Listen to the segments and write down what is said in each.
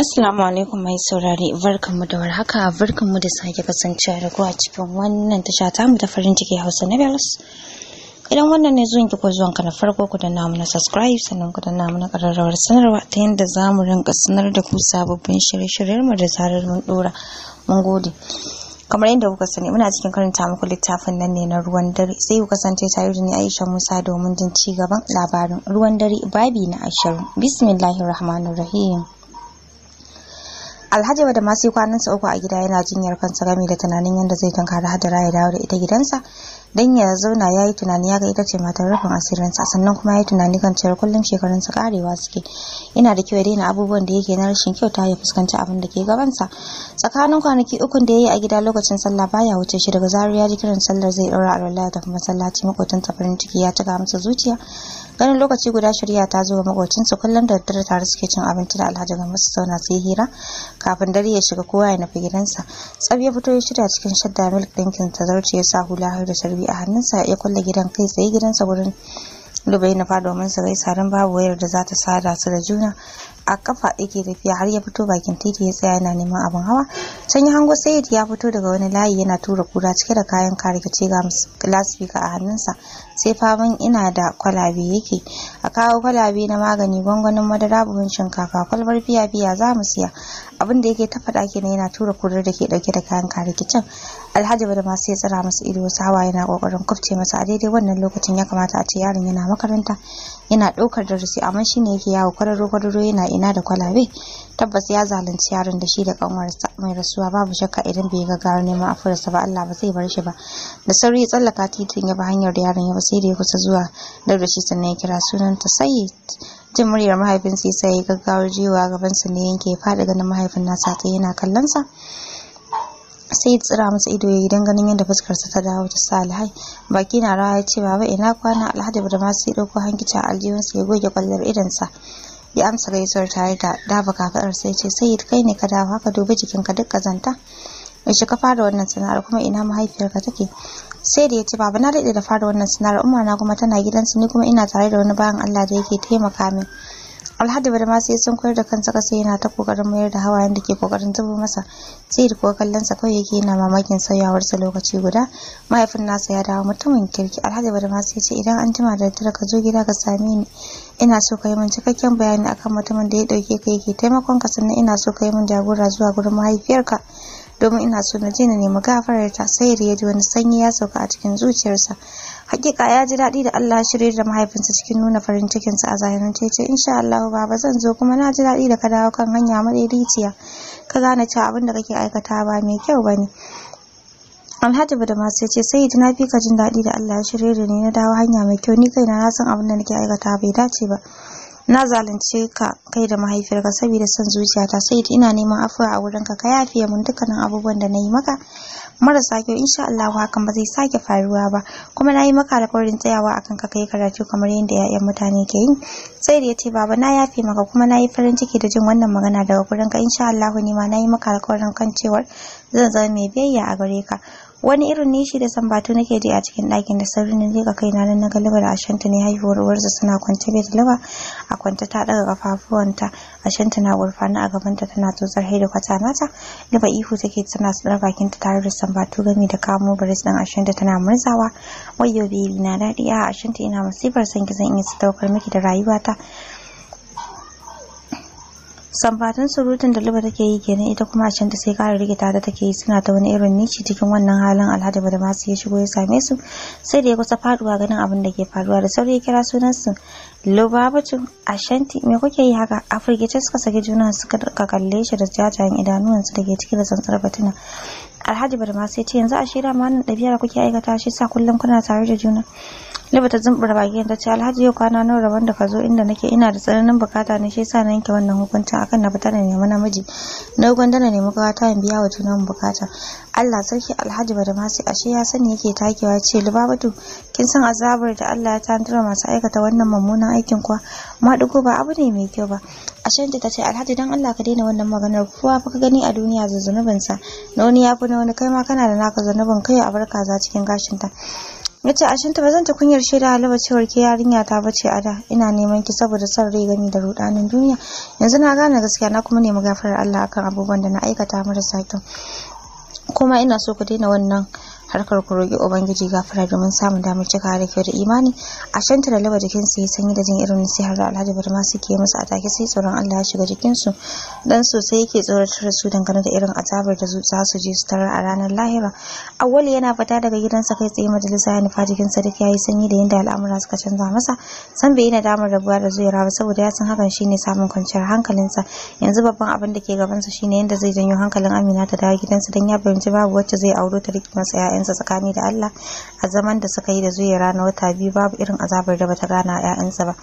Assalamu alaikum mai saurari barkanmu da warhaka barkanmu da sake kasancewa da ku a cikin wannan tasha ta mu ta farin ciki Hausa Nobels idan wannan ne zuwan ki ko zuwan ka na farko ku danna na subscribe sannan ku danna kararrawar sanarwa ta yadda za mu rinka sanar da ku sababbin shirye-shiryen mu da zarar mun dora mun gode kamar yadda kuka sani muna cikin karanta muku littafin nan ne na ruwan dare sai ku kasance tare da ni Aisha Musa domin jin ci gaban labarin ruwan dare babi na ashirin bismillahir rahmanir rahim alhaji da masu kwanansa uku a gida yana jinyar kansa game da tunanin yadda zai tunkari hadara ya dawo da ita gidansa dan ya zauna ya yi tunani ya ga ita ce matar rufin asirinsa sannan kuma ya yi tunani kan cewar kullum shekarunsa karewa suke ina da kyau ya daina abubuwan da yake na rashin kyauta ya fuskanci abin da ke gabansa tsakanin kwanaki ukun da ya yi a gida lokacin sallah baya wuce shi daga zarar ya ji kiran sallar zai ɗora a da kuma masallaci makotan farin ciki ya cika masa zuciya ganin lokaci guda shirya ta zo wa makocinsa kullum da daddare tare suke cin abinci da alhaji ga masu zauna su yi hira kafin dare ya shiga kowa ya nufi gidansa tsab ya fito ya shirya cikin shadda milk ɗinkin ta zarce ya sa hula har da sarbi a hannunsa ya kulle gidan kai tsaye gidansa gurin lubai na domin su gaisa don babu wayar da za ta sada su da juna a kafa yake tafiya har ya fito bakin titi ya tsaya yana neman abin hawa can ya hango sayid ya fito daga wani layi yana tura kura cike da kayan ce ga lasfika a hannunsa sai faman ina da kwalabe yake a kawo kwalabe na magani gwangwanin madara buhun shinkafa kwalbar biya biya za mu siya abin da yake ta faɗa kenan yana tura kurar da ke ɗauke da kayan karikicin alhaji bada masu ya tsira masa ido wasu hawa yana kokarin kufce masa a daidai wannan lokacin ya kamata a ce yaron yana makaranta yana ɗaukar darasi amma shine yake yawo kwararo kwararo yana ina da kwalabe tabbas ya zalunci yaron da shi da kanwarsa mai rasuwa babu shakka idan bai ga gara neman afurarsa ba Allah ba zai bar shi ba da sauri ya tsallaka titin ya ba hanyar da yaron ya ba sai da ya kusa zuwa da shi sannan ya kira sunanta sai jin muryar mahaifinsa sai ya gaggawar jiwa gabansa ne yanke ya faɗi ganin mahaifin nasa ta yana kallonsa sai ya tsira masa ido ya don ganin yadda fuskarsa ta dawo ta salihai baki na rawa ya ce baba ina kwana alhaji da ma sai ɗauko hankici a aljihunsa ya goge kwallar sa? ya amsa gaisuwar tare da dafa kafadar sai ce sai kai ne ka dawo haka dubi jikinka duk kazanta yaushe ka fara wannan sana'ar kuma ina mahaifiyarka take sai da ya ce baba na daɗe da fara wannan sana'ar umar na kuma tana gidansu ni kuma ina tare da wani bayan Allah da yake taimaka min alhaji barma sai sun koyar da kansa kasa yana ta kokarin mayar da hawayen da ke kokarin zubo masa sai da kuwa kallon sa kawai yake yana mamakin sauyawarsa lokaci guda mahaifin nasa ya dawo mutumin kirki alhaji barma sai ce idan an jima da daddare ka zo gida ka same ni ina so ka yi min cikakken bayani akan mutumin da ya dauke ka yake taimakon ka sannan ina so ka yi min jagora zuwa gurin mahaifiyarka domin ina so na je na nemi gafarar ta da ya ji wani sanyi ya sauka a cikin zuciyarsa hakika ya ji daɗi da Allah shirye da mahaifinsa cikin nuna farin cikinsa a zahirance ce insha Allah baba zan zo kuma na ji daɗi da ka dawo kan hanya madaidaiciya ka gane cewa abin da kake aikata ba mai kyau bane Alhaji Badama sai ce sai na fi ka jin daɗi da Allah shirye da ni na dawo hanya mai kyau ni kaina na san abin da nake aikata bai dace ba na zalunce ka kai da mahaifiyarka saboda son zuciyata sai ina neman afuwa a wurinka ka yafiye mun dukkanin abubuwan da na yi maka marasa kyau insha Allah hakan ba zai sake faruwa ba kuma nayi maka alƙawarin tsayawa akan ka kai karatu kamar yadda 'ya'yan mutane ke yi sai da yace baba na yafe maka kuma nayi farin ciki da jin wannan magana daga gurin ka insha Allah ni ma nayi maka alƙawarin kan cewar zan zama mai biyayya a gare ka wani irin nishi da sambatu nake ji a cikin ɗakin da sauri na je kai na nan na galiba da ashanta ne haihuwar uwarsa suna kwance bai talaba a kwanta ta ɗaga kafafuwanta ashanta na gurfana a gabanta tana tsotsar haida kwata nata liba ihu take tana tsar bakinta tare da sambatu gami da kamo baris din ashanta tana murzawa wayyo bebi na daɗi a ashanta ina masifar sanki zan iya sadaukar miki da rayuwata samfatan surutun da luba take yi kenan ita kuma a can ta sai kara rigita da take yi suna ta wani irin nici cikin wannan halin alhaji bada masu ya shigo ya same su sai da ya kusa faduwa ganin abin da ke faruwa da sauri ya kira sunan su lubabatu ashanti me kuke yi haka a firgice suka sake juna suka kalle shi da jajayen idanuwansu da ke cikin da tsantsar batuna alhaji bada masu ya ce yanzu a shira ma wannan ɗabi'ar kuke aikata shi sa kullum kuna tare da juna Liba ta zumbura baki ta ce Alhaji yau kwana nawa rabon da ka zo inda nake ina da tsananin bukata ne shi yasa na yanke wannan hukunci akan na fita da nemi namiji. Na gwanda nemi kawata in biya wa tunan bukata. Allah sarki Alhaji Badamasi ashe ya sani yake takewa ce lubabatu. kin san azabar da Allah ya tantura masu aikata wannan mummunan aikin kuwa maɗigo ba abu ne mai kyau ba. Ashanti ta ce Alhaji dan Allah ka daina wannan maganar kuwa fa ka gani a duniya sa na wani yafi na wani kai ma kana da naka zunubin kai a barka za cikin gashinta. ya a shinta ba zan ta kunyar shaida halaba cewar ke yarinya ta bace a da ina neman ki saboda son rai gani da rudanin duniya yanzu na gane gaskiya na kuma nemi gafarar Allah akan abubuwan da na aikata marasa kyau kuma ina so ku daina wannan harkar ku roƙi ubangiji gafara domin samun damar cikawa da kyau da imani a shanta da laba jikin su yi sanyi da jin irin nasihar da alhaji barma suke masa a take sai tsoron allah ya shiga jikin su dan sosai yake tsoratar da su dangane da irin azabar da za su je su tarar a ranar lahira awwal yana fata daga gidansa kai tsaye majalisa ya nufa jikin sadiq ya yi sanyi da yadda al'amura suka canza masa san bai yana damar rabuwa da zuwa ba saboda ya san hakan shine samun kwanciyar hankalinsa yanzu babban abin da ke gabansa shine yadda zai janyo hankalin amina ta dawo gidansa dan ya fahimci babu wacce zai auro ta riƙe masa 'ya'ya 'ya'yansa tsakani da Allah a zaman da suka yi da zuwa ranar wata biyu babu irin azabar da bata gana 'ya'yansa ba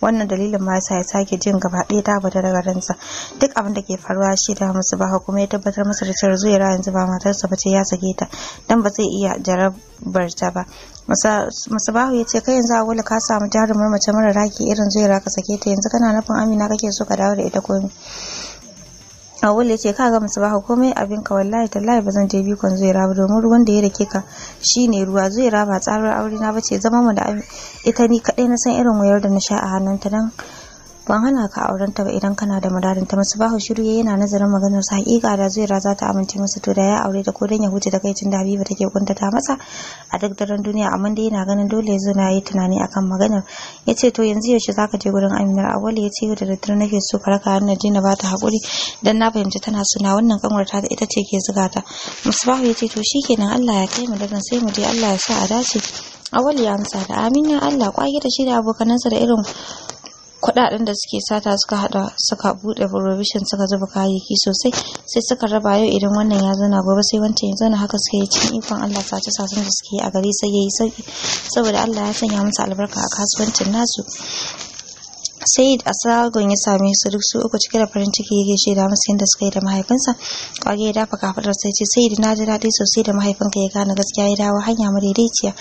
wannan dalilin ma yasa ya sake jin gaba ɗaya ta bata daga ransa duk abin da ke faruwa shi da musu ba kuma ya tabbatar masa da cewa zuwa yanzu ba matarsa ba ce ya sake ta dan ba zai iya jarabar ta ba musabahu ya ce kai yanzu a ka samu jarumar mace mara raki irin zuwa ka sake ta yanzu kana nufin amina kake so ka dawo da ita komi awul ya ce ka ga musbahu komai abin ka wallahi tallahi ba zan je bikon zuwa raba domin ruwan da ya rake ka shine ruwa zuwa ba tsarar aure na bace zama mu da ita ni kadai na san irin wayar da na sha a hannunta dan ban hana ka auren ta ba idan kana da muradin ta masu bahu shiru ya yana nazarin maganar sa hakika da zuwa za ta amince masa to da ya aure da ko dan ya huce da kai tun da Habiba take kuntata masa a duk daren duniya amma dai yana ganin dole zo na yi tunani akan maganar yace to yanzu yaushe zaka je gurin Aminar Awali yace yau da daddare nake so ka raka har na bata hakuri dan na fahimci tana suna wannan kanwarta da ita ce ke zuga ta ya yace to shikenan Allah ya kai mu daren sai mu je Allah ya sa a dace Awali ya amsa da amin Allah kwaki da shi da abokanansa da irin kwaɗaɗen da suke sata suka hada suka buɗe provision suka zuba kayayyaki sosai sai suka raba yau idan wannan ya zauna gobe sai wancan ya zauna haka suka yi cikin ikon Allah sace sacen da suke a gari sai yayi sauki saboda Allah ya sanya musu albarka a kasuwancin nasu Said a Salgon ya same su duk su uku cike da farin ciki yake ce da musu yadda suka yi da mahaifinsa. Kwage ya dafa kafadar sai ce Said na ji daɗi sosai da mahaifinka ya gane gaskiya ya dawo hanya madaidaiciya.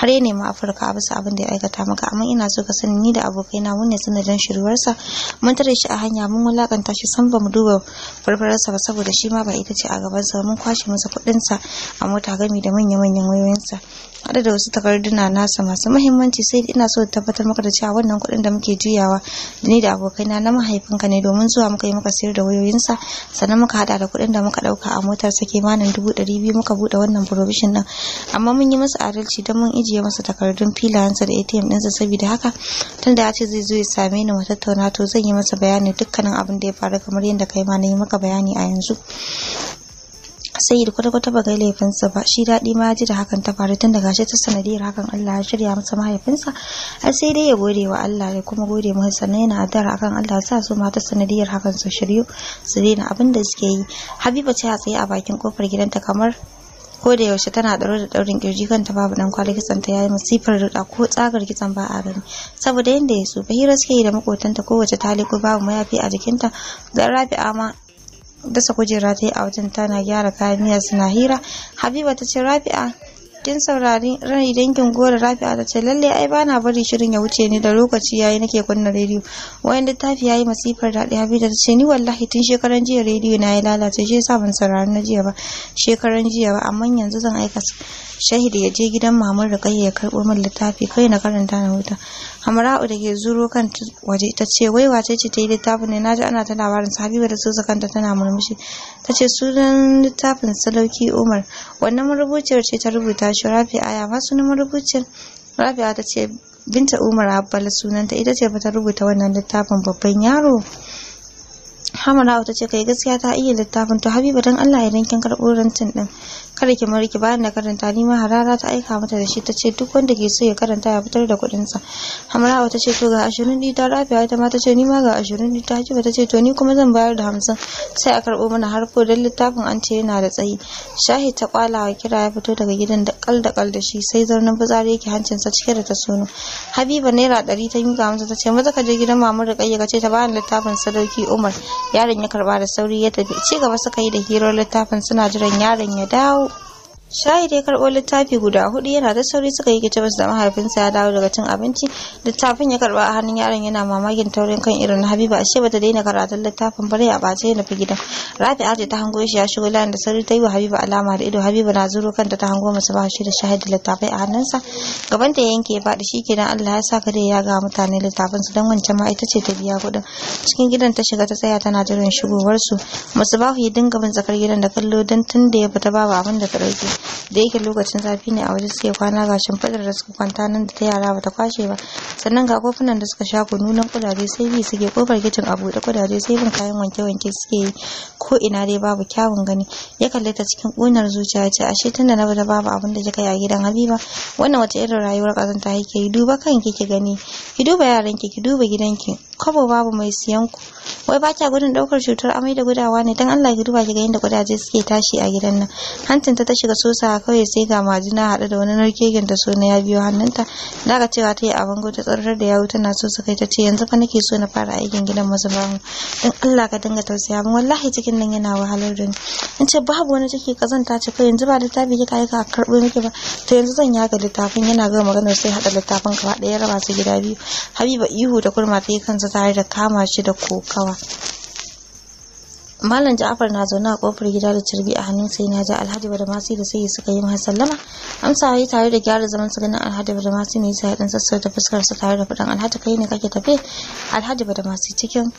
Har ya nemi Afirka a bisa abin da ya aikata maka amma ina so ka sani ni da abokaina mun ne shiruwar shiruwarsa. Mun tare shi a hanya mun wulakanta shi san ba mu duba farfararsa ba saboda shi ma ba ita ce a gabansa mun kwashe masa kuɗinsa a mota gami da manya-manyan wayoyinsa. Haɗa da wasu takarduna nasa masu muhimmanci sai ina so tabbatar maka da cewa wannan kuɗin da muke juyawa ni da abokaina na mahaifinka ne domin zuwa muka yi muka sayar da wayoyinsa sannan muka hada da kuɗin da muka ɗauka a motar sa manan dubu ɗari biyu muka buɗe wannan provision ɗin amma mun yi masa adalci don mun ijiye masa takardun filayensa da atm ɗinsa saboda haka tunda ya ce zai zo ya same ni mu tattauna to zan yi masa bayani dukkanin abin da ya faru kamar yadda kai ma na yi maka bayani a yanzu Sayyid kwata-kwata ba gai laifinsa ba shi daɗi ma ji da hakan ta faru tun daga ta sanadiyar hakan Allah ya shirya masa mahaifinsa har sai dai ya gode wa Allah ya kuma gode masa sannan yana addu'ar akan Allah sa su mata sanadiyar hakan su shiryu su daina abin da suke yi Habiba ta tsaye a bakin kofar gidanta kamar ko da yaushe tana ɗaure da ɗaurin kirji kanta babu dan kwali kitsan ta yayi masifar rida ko tsagar kitsan ba a gani saboda yanda ya so hira suke yi da makotanta kowace ta liko babu mayafi a jikinta dan rabi'a ma dasa kujera ta yi a wajen tana gyara kayan miya suna hira habiba ta ce rabi'a Kin saurari rai dangin goro Rafi'a ta ce lalle ai bana bari shirin ya wuce ni da lokaci yayi nake kunna rediyo. Wayan littafi yayi masifar daɗi Habiba ta ce ni wallahi tun shekaran jiya rediyo na ya lalace shi yasa ban saurari na jiya ba shekaran jiya ba amma yanzu zan aika shahida ya je gidan da kai ya karɓo min littafi kai na karanta na huta Hamra'u da ke zuro kan waje ta ce wai wace ce ta yi littafin ne naji ana ta labarin sa Habiba da Suza kanta tana murmushi ta ce sunan littafin Salauki Umar wannan marubuciyar ce ta rubuta shi Rabi'a ma sunan marubucin Rabi'a ta ce Binta Umar Abbala sunanta ita ce ta rubuta wannan littafin babban yaro. Hamarawa ta ce kai gaskiya ta iya littafin to Habiba dan Allah idan kin karɓo rantin din kada ki mariki bayan da karanta nima harara ta aika mata da shi ta ce duk wanda ke so ya karanta ya fitar da kuɗin sa hamrawa ta ce to ga ashirin ɗi ta rafiya ita ma ta ce nima ga ashirin ɗi ta ba ta ce to ni kuma zan bayar da hamsin sai a karɓo mana ko don littafin an ce yana da tsayi shahi ta wa kira ya fito daga gidan da kal da kal da shi sai zarnan fitsari yake hancinsa cike da ta sono habiba naira ɗari ta yi ga masa ta ce maza ka je gidan mamar da ƙayyaka ce ta bayan littafin sadauki umar yaron ya karba da sauri ya tafi ci gaba suka yi da hirar littafin suna jiran yaron ya dawo Shahid ya karɓo littafi guda hudu yana da sauri suka yi kitabus da mahaifinsa ya dawo daga cin abinci. Littafin ya karɓa a hannun yaron yana mamakin taurin kan irin Habiba ashe bata daina karatun littafin bare a bace na fi gidan. rafi ce ta hango shi ya shigo layin da sauri ta yi wa Habiba alama da ido Habiba na zuro kanta ta hango masu bashi da Shahid da littafai a hannunsa. Gaban da yanke ya faɗi shi kenan Allah ya sa kare ya ga mutane littafin su don wancan ma ita ce ta biya kuɗin. Cikin gidan ta shiga ta tsaya tana jiran shigowarsu. Masu bahu ya dinga bin tsakar gidan da kallo don tun da ya fita babu abin da ta ɗauke. da yake lokacin zafi ne a waje suke kwana gashin fadar da suka kwanta nan da ta yara bata kwashe ba sannan ga kofunan da suka sha kunu nan kudaje sai bi suke kofar kicin a buɗe kudaje sai bin kayan wanke-wanke suke yi ko ina dai babu kyawun gani ya kalle ta cikin ƙunar zuciya ya ce ashe tunda na bada babu abin da kika yi a gidan Habiba wannan wata irin rayuwar ƙazanta yake yi duba kanki ki gani ki duba yaranki ki duba gidanki kwabo babu mai siyan ku wai ba kya gudun daukar cutar amai da gudawa ne dan Allah ki duba ki ga yadda gudaje suke tashi a gidan nan hantin ta ta shiga sosa kawai sai ga majina hada da wani narkegen ta so na ya biyo hannunta daga cewa ta yi bango gudu tsarar da yawo tana so su kai ta ce yanzu fa nake so na fara aikin gidan masu bamu dan Allah ka dinga tausaya min wallahi cikin nan yana wahalar da ni in ce babu wani take kazanta ce kai yanzu ba littafi ki yi ka karbo miki ba to yanzu zan yaga littafin yana ga magana sai hada littafin gaba daya raba su gida biyu habiba ihu da kurma ta yi kan tare da kama shi da kokawa. Malam Ja'far na zaune a kofar gida da cirbi a hannun sai na ja Alhaji Badamasi da sai suka yi masa sallama. Amsa yi tare da gyara zaman su ganin Alhaji Badamasi ne sai dan da fuskar sa tare da fadan Alhaji kai ne kake tafe. Alhaji Badamasi cikin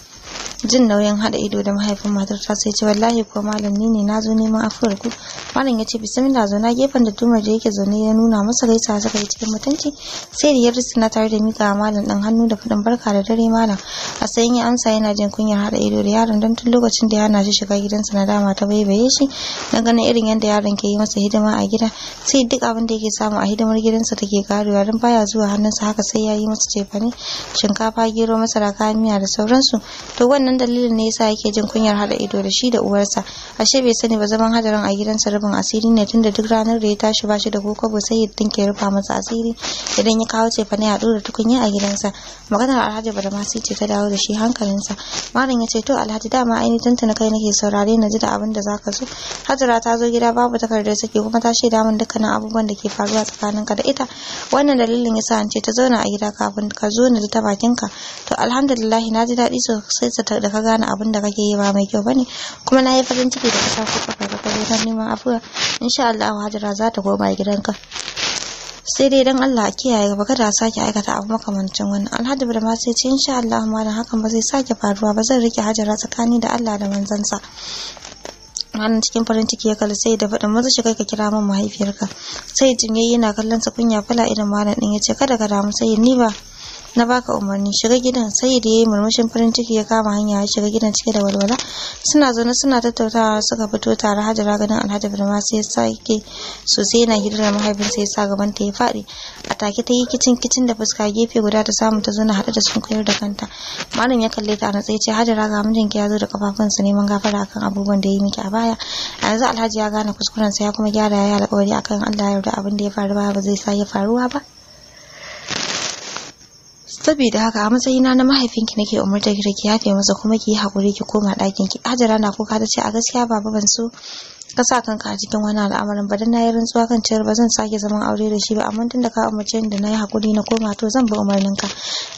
jin nauyin hada ido da mahaifin matar ta sai ce wallahi ko malam ni ne nazo neman afuwar ku. Malam ya ce bismillah zauna gefen da tumar da yake zaune ya nuna masa gaisa suka yi cikin mutunci sai da yarda suna tare da mika malam dan hannu da fadan barka da dare malam. A sayin ya amsa yana jin kunyar hada ido da yaron dan tun lokacin da yana hana shi shiga gidansa na dama ta baibaye shi na ganin irin yadda yaron ke yi masa hidima a gida sai duk abin da yake samu a hidimar gidansa take karuwa don baya zuwa hannunsa haka sai ya yi masa cefane shinkafa gero masara kayan miya da sauransu to wannan dalilin ne yasa yake jin kunyar hada ido da shi da uwarsa ashe bai sani ba zaman hadarin a gidansa rabin asiri ne tunda duk ranar da ya tashi ba shi da kokobo sai ya dinke rufa masa asiri idan ya kawo cefane a dora tukunya a gidansa maganar alhaji bada ma sai ce ta dawo da shi hankalinsa malam ya ce to alhaji dama ainihin tantana kai nake saurare na ji da abin da zaka so hajara ta zo gida babu takardar saki kuma ta shaida min dukkanin abubuwan da ke faruwa ka da ita wannan dalilin yasa an ce ta zauna a gida kafin ka zo na ji ta bakin ka to alhamdulillah na ji daɗi sosai da ka gane abin da kake yi ba mai kyau bane kuma na yi farin ciki da ka sa ka ka zo neman afuwa insha Allah hajara za ta koma ka. sai dai dan Allah a kiyaye gaba kada a sake aikata abu makamancin wani alhaji da ma sai ce insha Allah ma dan hakan ba zai sake faruwa ba zan rike hajara tsakani da Allah da manzansa wannan cikin farin ciki ya kalli sai da faɗin maza shiga ka kira min mahaifiyarka sai jin yana kallon sa kunya fala idan malam din ce kada ka damu sai ni ba na baka umarni shiga gidan sai da yi murmushin farin ciki ya kama hanya ya shiga gidan cike da walwala suna zaune suna tattautawa suka fito tare hajara ganin alhaji birma sai ya sake sosai yana hidira mahaifin mahaifinsa ya sa gaban ta ya faɗi a take ta yi kicin kicin da fuska gefe guda ta samu ta zauna haɗe da sun koyar da kanta malam ya kalle ta a natsaye ce hajara ga mijinki ya zo da kafafunsa neman gafara akan abubuwan da ya yi miki a baya a yanzu alhaji ya gane kuskuren sa ya kuma gyara ya yi alƙawari akan Allah ya yarda abin da ya faru ba ba zai sa ya faruwa ba saboda haka a matsayina na mahaifinki nake umurtar ki ki yafe masa kuma ki yi hakuri ki koma ɗakin ki hajara na kuka ta ce a gaskiya baba ban so ka sa kanka a cikin wani al'amarin ba dan nayi rantsuwa kan cewar ba zan sake zaman aure da shi ba amma tun da ka amince da nayi hakuri na koma to zan bi umarnin ka.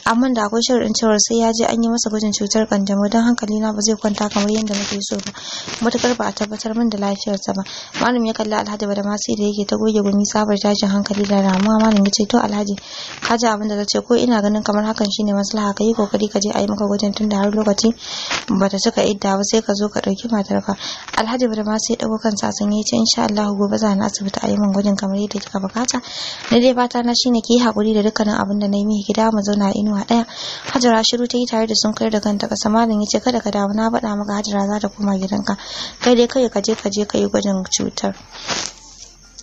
amma da akwai shirin cewar sai ya je an yi masa gwajin cutar kanjamau dan hankali na ba zai kwanta kamar yadda nake so ba matukar ba a tabbatar min da sa ba malam ya kalli alhaji ba da masu da yake ta goge gumi sabar tashin hankali da ramuwa malam ya ce to alhaji ka ji abin da ta ce ko ina ganin kamar hakan shine maslaha ka yi kokari ka je a yi maka gwajin tunda har lokaci ta cika idda ba sai ka zo ka dauki matarka alhaji ba da masu ya dago akan sa sun yi ce insha Allah gobe za na asibiti a yi min gwajin kamar yadda kika bukata na dai fata na shine ki hakuri da dukkanin abin da na yi miki gida mu zauna a inuwa daya Hajara shiru ta yi tare da sun kai da kanta kasa malam ce kada ka damu na faɗa maka Hajara za ta koma gidanka kai dai kai ka je ka je ka yi gwajin cutar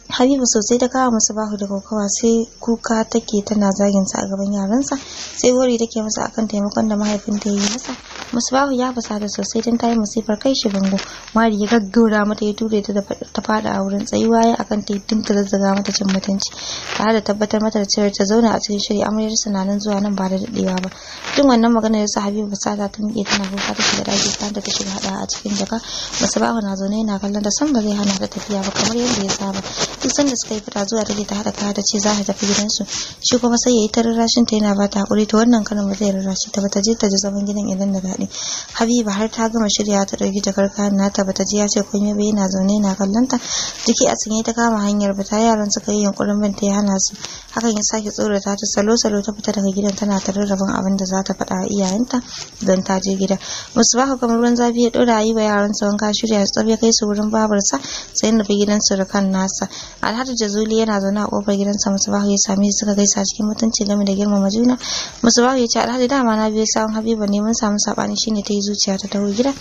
Habibu sosai ta kawo musu bahu da kokawa sai kuka take tana zagin sa a gaban yaransa sai wuri take masa akan taimakon da mahaifinta ya yi masa musbahu ya fusata sosai don ta yi masifar kai shi bango mari ya gaggaura mata ya ture ta ta fada a wurin tsayuwa ya akan ta din ta zazzaga mata cin mutunci tare da tabbatar mata da cewa ta zauna a cikin shiri amaryar nan zuwa nan ba da dadewa ba tun wannan maganar ya sa habibu fusata ta miƙe tana kuka ta shiga daki ta da ta shiga hada a cikin jaka musbahu na zaune yana kallon da san ba zai hana ta tafiya ba kamar yadda ya saba duk sanda suka yi fita zuwa take ta hada kaya ta ce za ta tafi gidansu shi kuma sai ya yi ta ta yana ba ta hakuri to wannan karin ba zai rarrashi ta ba ta je ta ji zaman gidan idan da faɗi habiba har ta gama shirya ta ɗauki jakar kayan nata bata ji ya ce komai ba yana zaune yana kallon ta jiki a sanye ta kama hanyar bata yaran suka yi yunkurin bin ta ya hana su hakan ya sake tsorata ta salo salo ta fita daga gidan tana ta rarrabin abin da za ta faɗa wa iyayenta don ta je gida musu baka kamar ruwan zafi ya ɗora yi wa yaran su wanka shirya su tsabe kai su wurin babarsa sai nufi gidan su surukan nasa alhaji jazuli yana zaune a kofar gidansa musu baka ya same su suka gaisa cikin mutunci game da girmama juna musu baka ya ce alhaji dama na biyo sawun habiba ne mun samu saba shi shine ta yi zuciya ta taho gida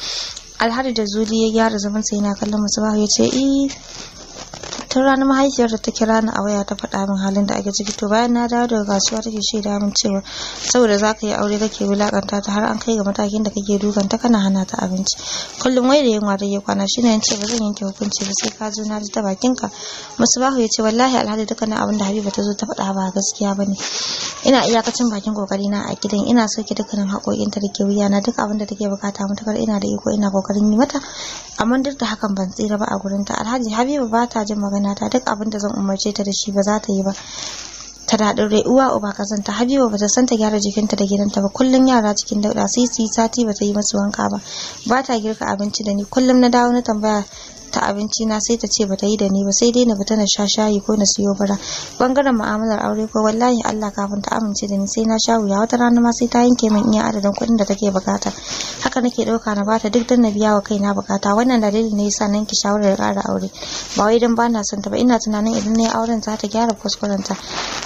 alhari da zuli ya gyara zaman sa yana kallon musu ya ce eh tun ranar mahaifiyar da ta kira ni a waya ta faɗa min halin da ake ciki to bayan na dawo daga kasuwa take da min cewa saboda zaka yi aure kake wulakanta ta har an kai ga matakin da kake dukan ta kana hana ta abinci kullum wai da yunwa take kwana shine yace ba zan yanke hukunci ba sai ka zo na ji ta bakin ka musbahu yace wallahi Alhaji dukkanin abin da habiba ta zo ta faɗa ba gaskiya bane ina iyakacin bakin kokari na a gidan ina so ki dukkanin haƙoƙin ta ke wuya na duk abin da take bukata mutakar ina da iko ina kokarin yi mata amma duk da hakan ban tsira ba a gurin ta. alhaji habiba ba ta jin magana ta duk abin da zan umarce ta da shi ba za ta yi ba ta da rai uwa uba kasanta habiba bata san ta gyara jikinta da gidanta ba kullum yara cikin dauɗa sisi sati ba ta yi musu wanka ba ba ta girka abinci da ni kullum na dawo na tambaya ta abinci na sai ta ce bata yi da ni ba sai dai na fita na sha shayi ko na siyo bara bangaren mu'amalar aure ko wallahi Allah kafin ta amince da ni sai na sha wuya wata rana ma sai ta yanke min iya adadin kuɗin da take bukata haka nake ɗauka na bata duk dan na biya wa kaina bukata wannan dalilin ne yasa nan ki shawarar ƙara aure ba wai dan bana son ta ba ina tunanin idan na yi auren za ta gyara ta.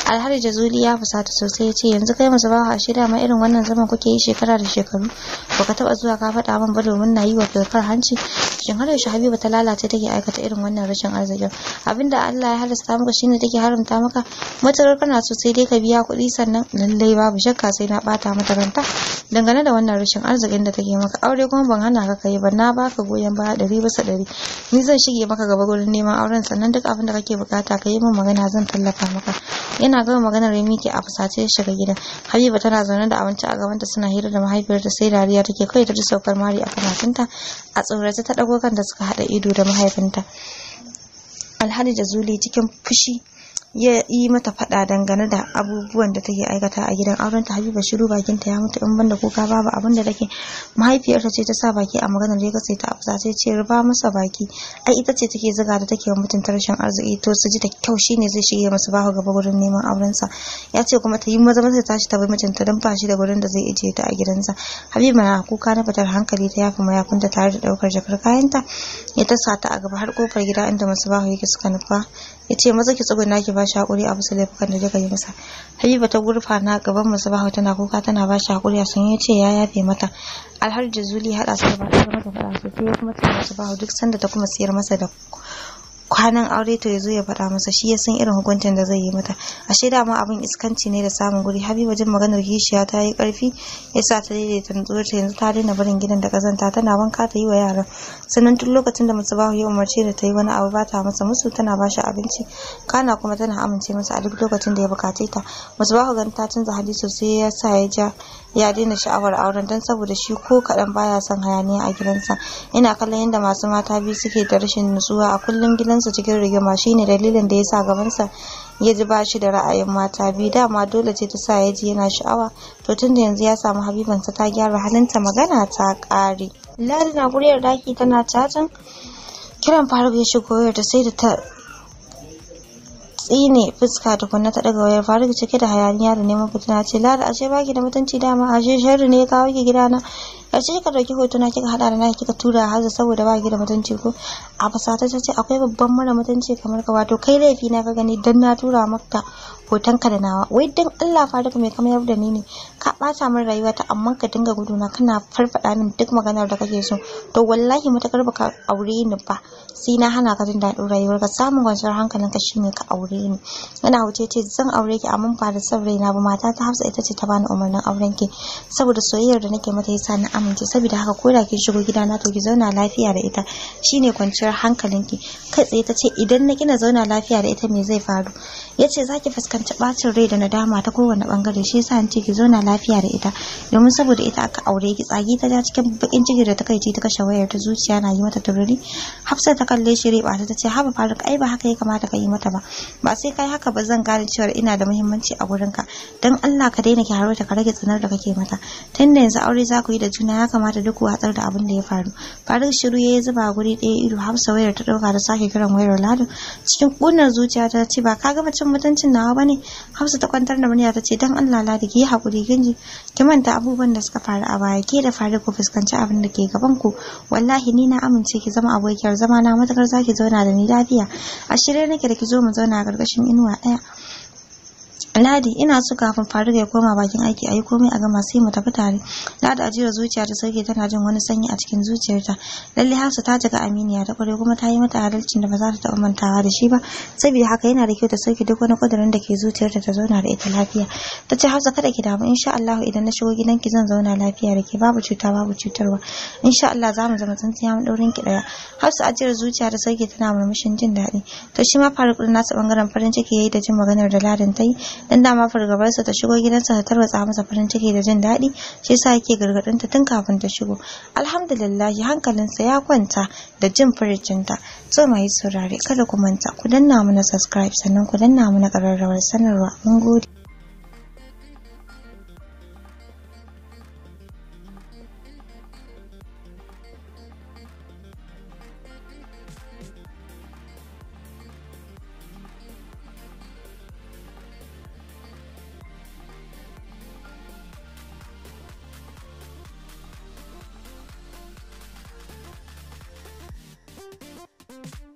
alhaji jazuli ya fusata sosai ya ce yanzu kai musu bawa ashe dama irin wannan zaman kuke yi shekara da shekaru baka taba zuwa ka faɗa min ba domin na yi wa hanci shin har yaushe habiba ta lalata ce take aikata irin wannan rashin arzikin abinda Allah ya halasta maka shine take haramta maka matarar kana so sai dai ka biya kuɗi sannan lallai babu shakka sai na bata mata ranta dangane da wannan rashin arzikin da take maka aure kuma ban hana ka kai ba na baka goyon baya ɗari bisa ɗari ni zan shige maka gaba gurin neman auren sannan duk abin da kake bukata ka yi min magana zan tallafa maka yana gama maganar ya miƙe a fusace ya shiga gidan habiba tana zaune da abinci a gabanta suna hira da mahaifiyarta sai dariya take kai ta ji saukar mari a kamatinta a tsorace ta ɗago da suka haɗa ido da da mahaifinta alhaji da zuli cikin fushi ya yi mata fada dangane da abubuwan da take aikata a gidan aurenta habiba shiru bakin ta ya mutu in banda kuka babu abin da take mahaifiyarta ce ta sa baki a maganar ya sai ta afsa sai ce ruba masa baki ai ita ce take zuga da take mutunta rashin arziki to su ji da kyau shine zai shige masu bahu gaba gurin neman aurensa ya ce kuma ta yi maza mata tashi ta bar mijinta don ba shi da gurin da zai ije ta a gidansa habiba na kuka na fitar hankali ta yafi mayafinta tare da daukar jakar kayanta ya ta sa ta a gaba har kofar gida inda masu bahu yake suka nufa yace ce maza ki tsuguna ki ba shi hakuri a bisa laifukan da kika yi masa habiba ta gurfa na gaban musbahu tana kuka tana ba shi hakuri a sun ya ce ya yafe mata alharji zuli hada su ba ta mata fada su ya kuma ta ba duk sanda ta kuma siyar masa da kwanan aure to yazo ya faɗa masa shi ya san irin hukuncin da zai yi mata ashe dama abin iskanci ne da samun guri habiba jin maganar kishiya ta yi ƙarfi ya sa ta daidaita nutsuwar ta yanzu ta daina barin gidan da kazanta tana wanka ta yi wa yara. sannan tun lokacin da bahu ya umarce da ta yi wani abu ba ta masa musu tana ba shi abinci kana kuma tana amince masa a duk lokacin da ya bukace ta bahu ganin ta canza hali sosai ya sa ya ja ya daina sha'awar auren don saboda shi ko kaɗan baya son hayaniya a gidansa ina kallon yadda masu mata biyu suke da rashin nutsuwa a kullum gidansu cikin rigima shine dalilin da ya sa gabansa ya ji bashi da ra'ayin mata biyu dama dole ce ta sa ya ji yana sha'awa to tunda yanzu ya samu habibansa ta gyara halinta magana ta ƙare ladi na guriyar daki tana cajin kiran faruk ya shigo wayar ta sai da ta tsine fuska tukunna ta daga wayar faruk cike da hayaniya da neman fitina ce lada ashe baki da mutunci dama ashe sharri ne ya kawo ki gidana karshe ka dauki hotuna kika hada da na kika tura haza saboda baki da mutunci ko a fasata ta ce akwai babban mara mutunci kamar ka wato kai laifi na ka gani dan na tura maka hoton ka da nawa wai dan Allah faruka mai kamar da ni ne ka bata min ta amma ka dinga gudu na kana farfada min duk maganar da kake so to wallahi matakar ka aure ni ba sai na hana ka jin daɗin ka samun kwanciyar hankalinka shine ka aure ni ina wuce ce zan aure ki amma ba da son raina ba mata ta Hafsa ita ce ta bani umarnin auren ki saboda soyayyar da nake mata yasa na amince saboda haka ko da ki shigo gidana to ki zauna lafiya da ita shine kwanciyar hankalinki kai tsaye ta ce idan na kina zauna lafiya da ita me zai faru yace zaki fuskanta fuskanci bacin rai da nadama ta kowane bangare shi yasa ce ki na lafiya da ita domin saboda ita aka aure ki tsagi ta ja cikin bakin ciki da takaici ta kashe wayar ta zuciya na yi mata tururi hafsa ta kalle shi riba ta ce haba faruk ai ba haka ya kamata ka yi mata ba ba sai kai haka ba zan gane cewa ina da muhimmanci a ka dan Allah ka daina ki haro ta ka rage tsanar da kake mata tunda yanzu aure za ku yi da juna ya kamata duk watsar da abin da ya faru faruk shiru ya zuba guri ɗaya ido hafsa wayar ta ɗauka da sake kiran wayar lado cikin ƙunar zuciya ta ce ba ka ga mutuncin nawa ba ne hausa ta kwantar da murya ta ce don allah ladi ki yi ginji ki manta abubuwan da suka faru a baya ke da faru ku fuskanci abin da ke gaban ku wallahi ni na amince ki zama abokiyar zama na matakar zaki zauna da ni lafiya a shirye nake da ki zo mu zauna a ƙarƙashin inuwa ɗaya Ladi ina so kafin faru ya koma bakin aiki ayi komai a gama sai mu tafi tare. Ladi ajiyar zuciya ta sauke tana jin wani sanyi a cikin zuciyarta. Lalle Hafsa ta jiga Aminiya ta kware kuma ta yi mata adalcin da ba za ta taɓa mantawa da shi ba. Saboda haka yana da kyau ta sauke duk wani kudirin da ke zuciyarta ta zauna da ita lafiya. Ta ce Hafsa kada ki damu insha Allah idan na shigo gidanki zan zauna lafiya da ke babu cuta babu cutarwa. Insha Allah za mu zama tsintsiya mu daurin ki daya. Hafsa ajiyar zuciya ta sauke tana murmushin jin daɗi. To shi ma Faruk nasa bangaren farin ciki yayi da jin maganar da Ladin ta yi. dan dama fargabarsa ta shigo gidansa ta tarwatsa masa farin ciki da jin daɗi shi yasa yake ta tun kafin ta shigo alhamdulillah hankalinsa ya kwanta da jin ta. so mai saurare kada ku manta ku danna mana subscribe sannan ku danna mana ƙararrawar sanarwa mun gode Thank you.